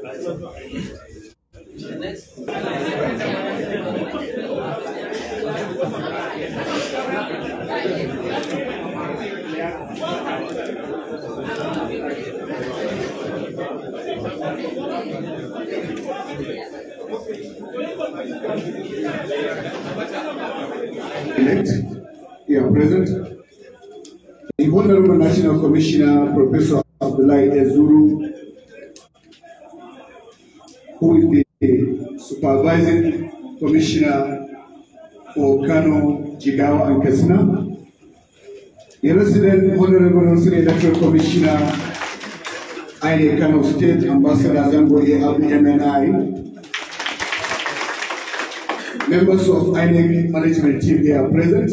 Thank Elect, here present. The Honorable National Commissioner, Professor Abdullahi Ezuru, who is the supervising commissioner for Kano, Jigawa, and Kasina. The resident Honorable National Commissioner, I am the of State Ambassador Zamboye MNI. Members of INEC management team here are present.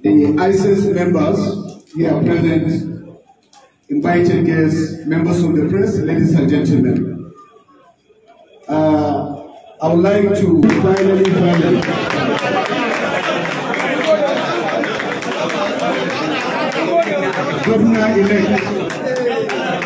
The ISIS members here are present. Invited guests, members of the press, ladies and gentlemen. Uh, I would like to finally, finally. governor-elect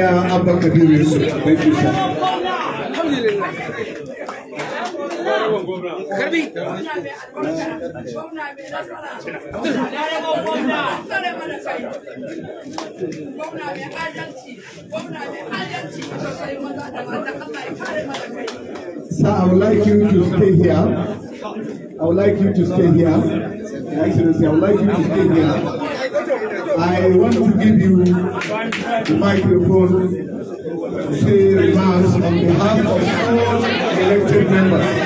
Lawyer Abba Kabir Yusuf. Thank you, sir. Sir, I would like you to stay here. I would like you to stay here. Excellency, I would like you to stay here. I want to give you microphone to say remarks on behalf of all elected members.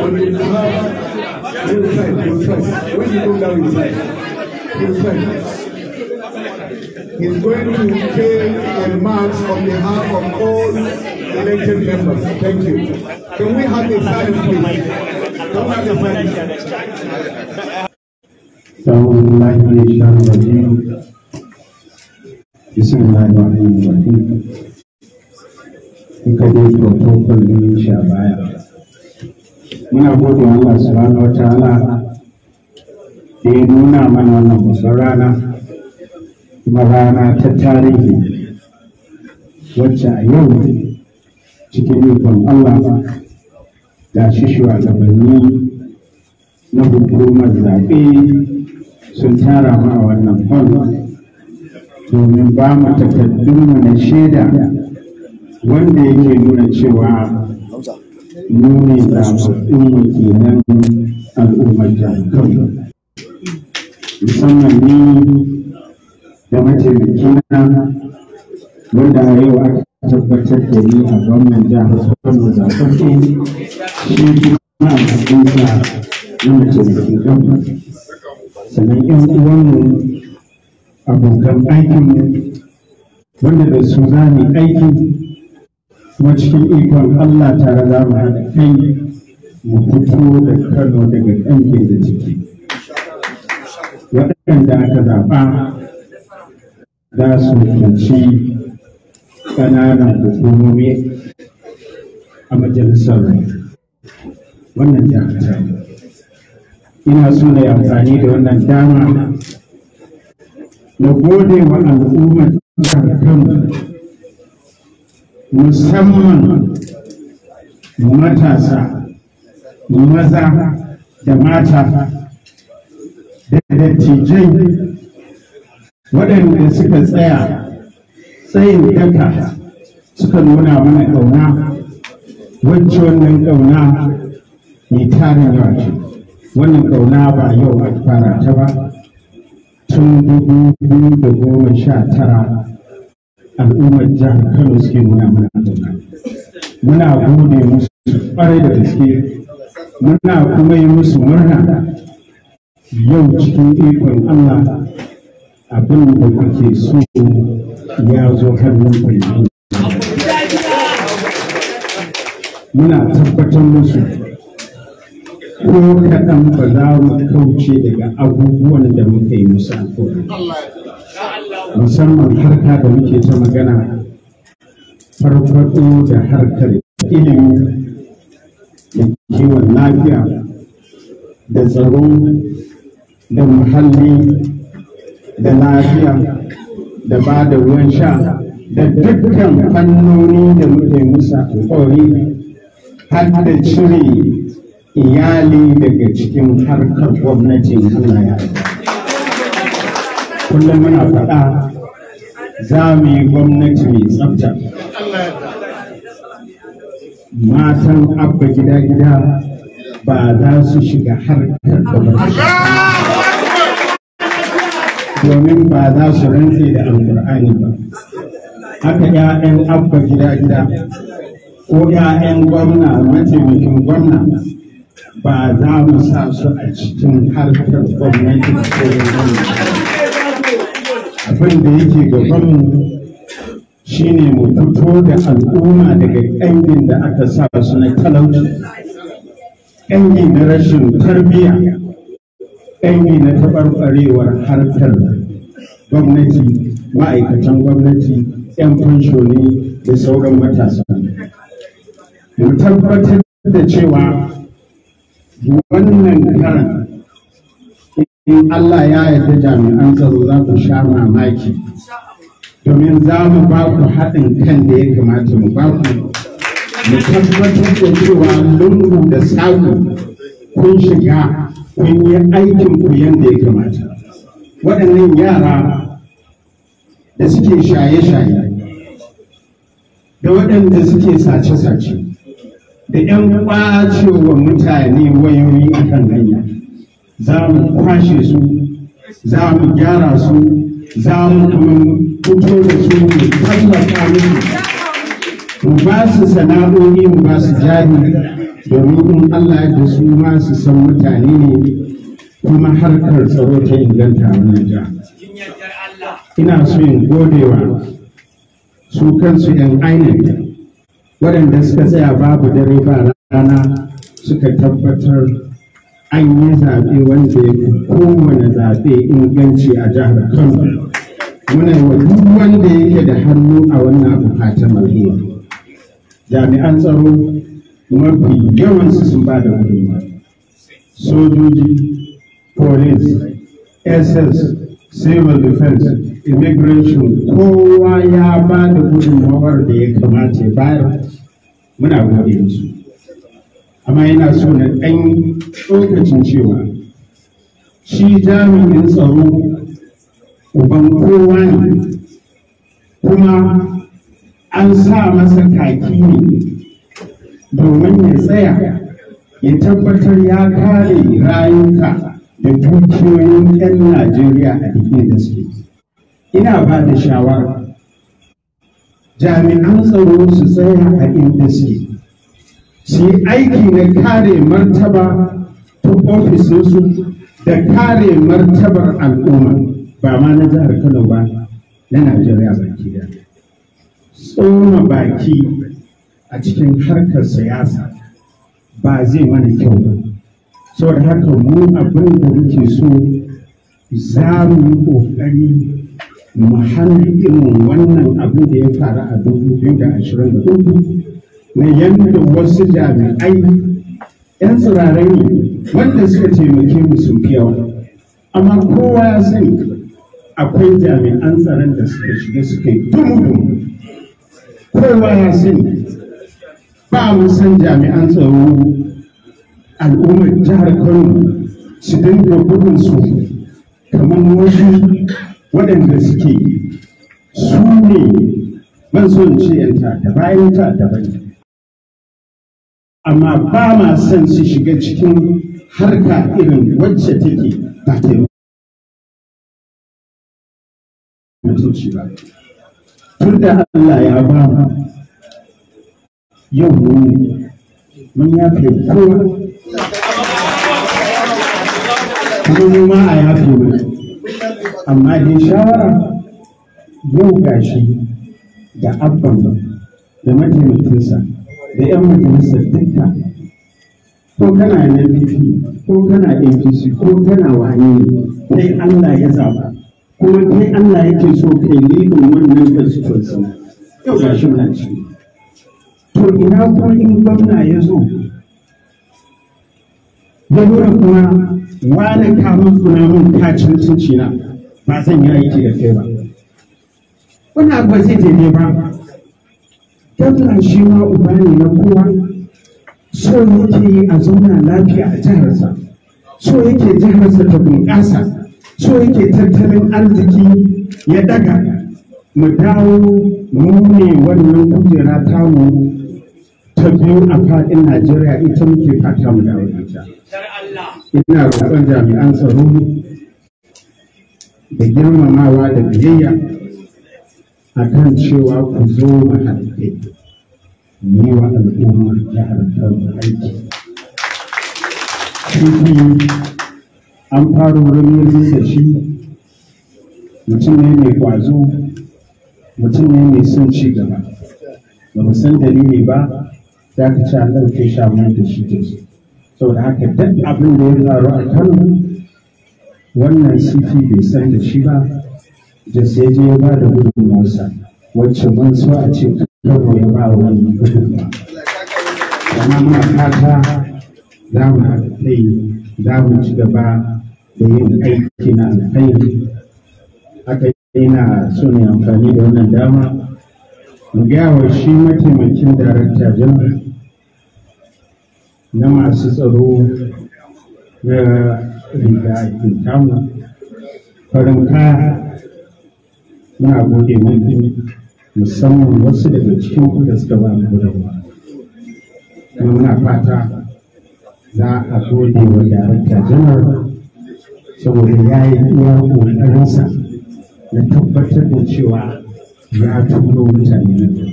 On behalf, we'll try, we'll try. When you go down, we'll try. We'll try. He's going to pay remarks on behalf of all elected members. Thank you. Can we have a silence, please? Don't have a silence. So, like to بسم الله الرحمن الرحيم Ika dai protocol sha baya. Muna gode Allah subhanahu wa ta'ala da ya nuna mana wannan babbar rana kuma rana ta tarihi wacce a yau cikin ikon Allah ga shi shugabanni na hukumar zaɓe sun tara ma wannan fon domin ba mu takaddunmu na shaida wanda yake nuna cewa mu ne zaɓaɓɓun wakilan al'ummar jihar musamman ni da mataimakina wanda a yau aka tabbatar da ni a gwamnan jihar Kano zaɓaɓɓe shi kuma a cikin sa na mataimakin gwamna sannan 'yan uwanmu abokan aikinmu wanda da su za mu aiki kuma cikin ikon Allah tare za mu haɗa kai mu fito da Kano daga ƙanke da ciki. Waɗanda aka zaɓa za su kuci ƙananan hukumomi a majalisar wannan jami'a. Ina so na yi amfani da wannan dama na gode wa al'ummar kanmu musamman matasa maza da mata da dattijai waɗanda suka tsaya tsayin daka suka nuna mana ƙauna wacce wannan ƙauna mai tarin yawa wannan ƙauna ba yau a fara ta ba tun dubu biyu da goma sha tara al'ummar jihar Kano suke nuna mana muna gode musu kwarai da gaske muna kuma yi musu murna yau cikin ikon Allah abin da kuke so ya zo hannun kwayo muna tabbatar musu ko kaɗan ba za mu kauce daga abubuwan da muka yi musu musamman harka da muke ta magana farfaɗo da harkar ilimi da kiwon lafiya da tsaro da muhalli da lafiya da ba da ruwan sha da dukkan fannoni da muke musa alƙawari har da cire iyali daga cikin harkar gwamnatin Allah ya kullum muna faɗa za mu yi gwamnati mai tsafta matan abba gida-gida ba za su shiga harkar gwamnati domin ba za su rantse da alkur'ani ba haka 'ya'yan abba gida gida ko 'ya'yan gwamna mataimakin gwamna ba za mu sa su a cikin harkar gwamnati ko abin da yake gaban mu shine mu fito da al'umma daga ƙangin da aka sa su na talauci ƙangi na rashin tarbiyya ƙangi na taɓarɓarewar harkar gwamnati ma'aikatan gwamnati 'yan fanshoni da sauran matasa mu tabbatar da cewa wannan karan in Allah ya yarda jami'an tsaro za ku sha mamaki domin za mu ba ku haɗin kan da ya kamata mu ba ku mu tabbatar da cewa lungu da saku kun shiga kun yi aikin ku da ya kamata waɗannan yara da suke shaye-shaye da waɗanda suke sace-sace da ƴan 'yan wa mutane wayoyi a kan hanya za mu kwashe su za mu gyara su za mu kuma fito da su mu tallafa musu mu ba su sana'o'i mu ba su jari domin in Allah da su ma su san mutane ne kuma harkar tsaro ta inganta a ja. Ina so in godewa su kansu 'yan ainihin waɗanda suka tsaya babu dare ba rana suka tabbatar an yi zaɓe wanda ya fi kowane zaɓe inganci a jihar kano muna wa duk wanda yake da hannu a wannan abu fatan jami'an tsaro mafi yawansu sun ba da gudunmawa sojoji police ss civil defense immigration kowa ya ba da gudunmawar da ya kamata bayar muna gode musu amma yana so na ɗan lokacin cewa shi jami'in tsaro uban kowa ne kuma an sa masa kaki ne domin ya tsaya ya tabbatar ya kare rayuka da dukiyoyin 'yan Najeriya a cikin da su. Ina ba da shawara jami'an tsaro su tsaya a inda su yi aiki na kare martaba ta ofisinsu da kare martabar al'umma ba ma na jihar Kano ba na Najeriya baki da. Tsoma baki a cikin harkar siyasa ba zai mana kyau ba. saboda haka mu abin da muke so za mu yi ƙoƙari mu hana irin wannan abin da ya faru a dubu biyu da ashirin da uku na yadda wasu jami'ai 'yan tsirarai ne wanda suka taimake mu sun fi yawa amma kowa ya sani akwai jami'an tsaron da suka shiga suka yi dumu kowa ya sani ba mu san jami'an tsaro al'ummar jihar kano su dinga gudun su kamar wasu waɗanda suke su ne ban in ce yanta da bayan amma ba ma son su shiga cikin harka irin wacce take ba ta mutunci ba tun da Allah ya ba yau mun yafe kowa kuma mu ma a yafe mu amma dai shawara yau gashi da abban da mataimakinsa da 'yan majalisa dukka ko kana bifi ko kana APC ko kana wani ne kai Allah ya zaba kuma kai Allah yake so kai lidin wannan constituency yau gashi muna ci. to ina kuma in gwamna ya zo ya kuma wani kamun suna mun ta cin na ba zan yi aiki da kai ba wani abu ba zai daidai ba dabla shi ma uba ne na kowa so yake yi a zauna lafiya a jiharsa so yake jiharsa ta bunƙasa so yake tattalin arziki ya daga mu dawo mu ne wannan kujera tamu ta biyu a faɗin najeriya ita muke fata mu dawo ita ina roƙon jami'an tsaro da girmamawa da biyayya a kan cewa ku zo mu haɗe ne yi wa al'umma ta Kano aiki. Titi an fara wurin yin shi mutum ne mai kwazo mutum ne mai son ci gaba ba mu san dalili ba da ci an ɗauke shi da shi. saboda haka duk abin da ya faru a kano wannan cp bai san da shi ba da sai je ya ba da masa wacce mun so a ce kano ya ba wannan ba amma muna fata za mu haɗa kai za mu ci gaba da yin aiki na alkhairi haka ina so ne amfani da wannan dama mu gaya wa shi mataimakin darakta janar na masu tsaro na riga aikin tamu farin muna gode mai musamman wasu daga cikin ku da suka ba mu gudunmawa kuma muna fata za a gode wa darakta janar saboda ya yi iya ƙoƙarinsa na tabbatar da cewa ya turo mutane na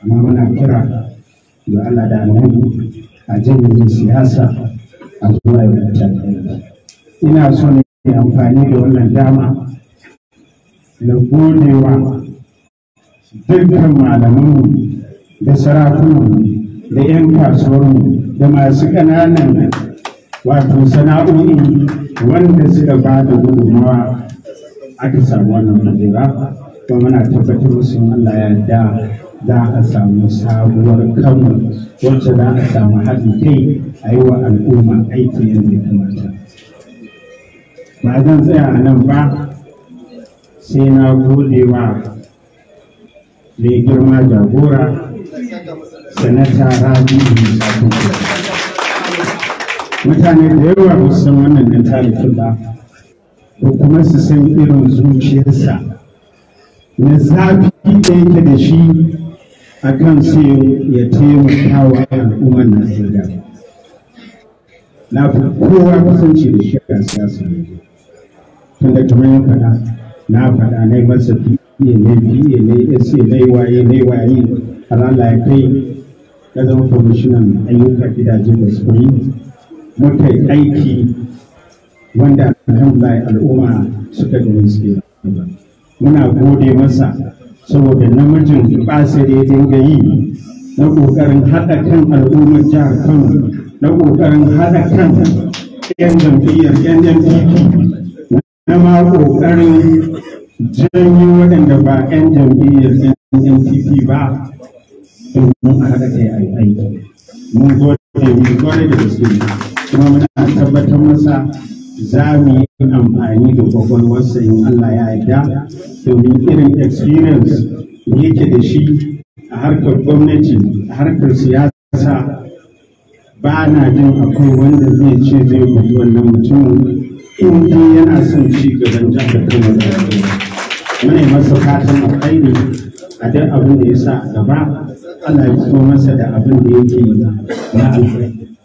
amma muna kira ga Allah da annabi a jami'in siyasa a zuwa yau ina so ne amfani da wannan dama na godewa dukkan malamanmu da sarakunanmu da 'yan kasuwarmu da masu ƙananan wato sana'o'i wanda suka ba da gudunmawa aka samu wannan kujera to muna tabbatar musu Allah ya za a samu sabuwar kanwa wacce za a samu haɗin kai a yi wa al'umma aiki yadda ya kamata ba zan tsaya a nan ba sai na gode wa mai girma jagora sanata rabi mutane da yawa ba san wannan dan tarihin ba ko kuma su san irin zuciyarsa na zafi da yake da shi akan su ya taimaka wa al'ummar Najeriya. Na fi kowa kusanci da shi a siyasa ne. Tun da kamar yin faɗa, na faɗa na yi masa biye ne biye ne ya ce na yi waye na yi waye har Allah ya kai ya zama kwamishinan ayyuka gidaje da su yi. Muka yi aiki wanda alhamdulillah al'umma suka gani suke. Muna gode masa saboda namijin ƙasa da ya dinga yi na ƙoƙarin haɗa kan al'ummar jihar kano na ƙoƙarin haɗa kan 'yan jam'iyyar NNPP na ma ƙoƙarin janyo waɗanda ba 'yan jam'iyyar NNPP ba domin a haɗa kai a aiki. Mun gode mun gode da gaske kuma muna tabbatar masa za mu yi amfani da kwakwalwarsa in Allah ya yarda domin irin experience da yake da shi a harkar gwamnati a harkar siyasa ba na jin akwai wanda zai ce zai guji wannan mutumin in dai yana son ci gaban jihar Kano da masa fatan alkhairi a duk abin da ya sa gaba Allah ya fito masa da abin da yake na alkhairi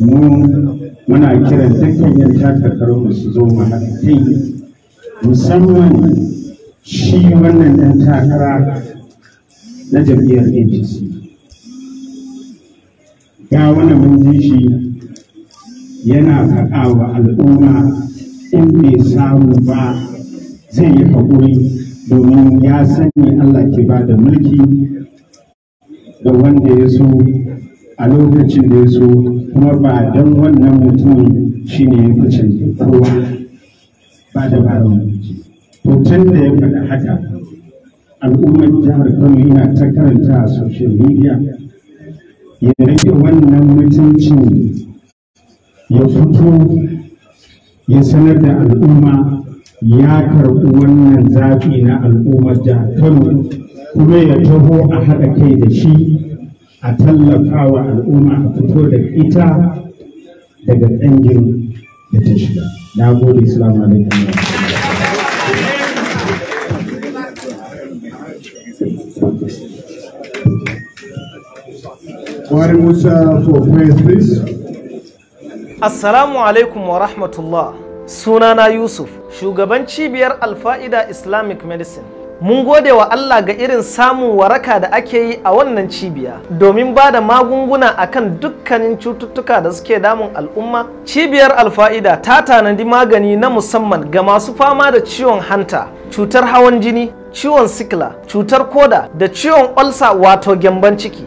mu muna kiran dukkan yan mu su zo mu musamman shi wannan ɗan takara na jam'iyyar APC ga wani mun ji shi yana faɗa wa al'umma in bai samu ba zai yi haƙuri domin ya sani Allah ke ba da mulki ga wanda ya so a lokacin da ya so kuma ba don wannan mutumin shi ne ya fice kowa ba da ba hoton da ya faɗa haka al'ummar jihar kano yana ta karanta a social media ya rage wannan mutunci ya fito ya sanar da al'umma ya karɓi wannan zafi na al'ummar jihar kano kuma ya taho a haɗa kai da shi a tallafa wa al'umma a fito da ita daga ɗangin da ta shiga na gode salamu alaikum Wari Musa for praise please. Assalamu alaikum wa rahmatullah. Sunana Yusuf, shugaban cibiyar Alfa'ida Islamic Medicine. mun gode wa Allah ga irin samun waraka da ake yi a wannan cibiya domin ba da magunguna akan dukkanin cututtuka da suke damun al'umma cibiyar alfa'ida ta tanadi magani na musamman ga masu fama da ciwon hanta cutar hawan jini ciwon sikila cutar koda da ciwon olsa wato gyamban ciki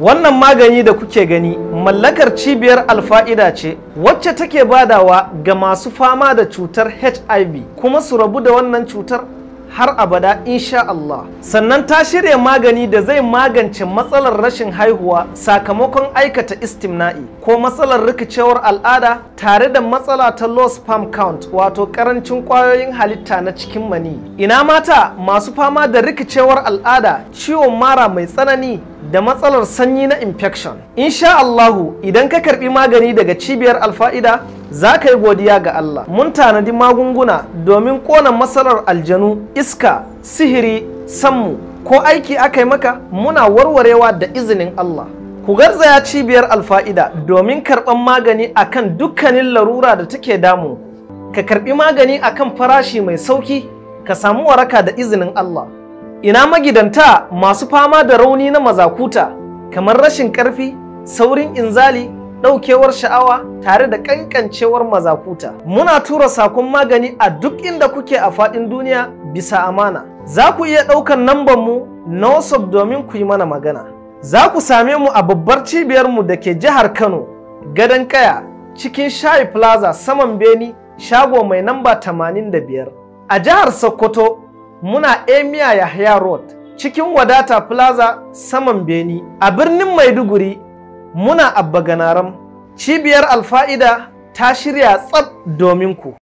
wannan magani da kuke gani mallakar cibiyar alfa'ida ce wacce take badawa ga masu fama da cutar hiv kuma su rabu da wannan cutar har abada insha Allah. Sannan ta shirya magani da zai magance matsalar rashin haihuwa sakamakon aikata istimna'i ko matsalar rikicewar al'ada tare da matsala ta low sperm count wato karancin kwayoyin halitta na cikin mani. Ina mata masu fama da rikicewar al'ada ciwon mara mai tsanani da matsalar sanyi na infection. Insha Allahu idan ka karbi magani daga cibiyar alfa'ida za ka yi godiya ga Allah. Mun tanadi magunguna domin kona matsalar aljanu, iska, sihiri, sammu ko aiki aka yi maka muna warwarewa da izinin Allah. Ku garzaya cibiyar alfa'ida domin karɓan magani akan dukkanin larura da take damu. Ka karɓi magani akan farashi mai sauki, ka samu waraka da izinin Allah. ina magidanta masu fama da rauni na mazakuta kamar rashin ƙarfi saurin inzali ɗaukewar sha'awa tare da ƙanƙancewar mazakuta muna tura sakon magani a duk inda kuke a faɗin duniya bisa amana za ku iya ɗaukar namban mu na wasu domin ku yi mana magana za ku same mu a babbar cibiyarmu da ke jihar kano gadon kaya cikin shayi plaza saman beni shago mai namba 85 a jihar sokoto muna emia yahya road cikin wadata plaza saman beni a birnin maiduguri muna abba ganaram cibiyar alfa'ida ta shirya tsab domin ku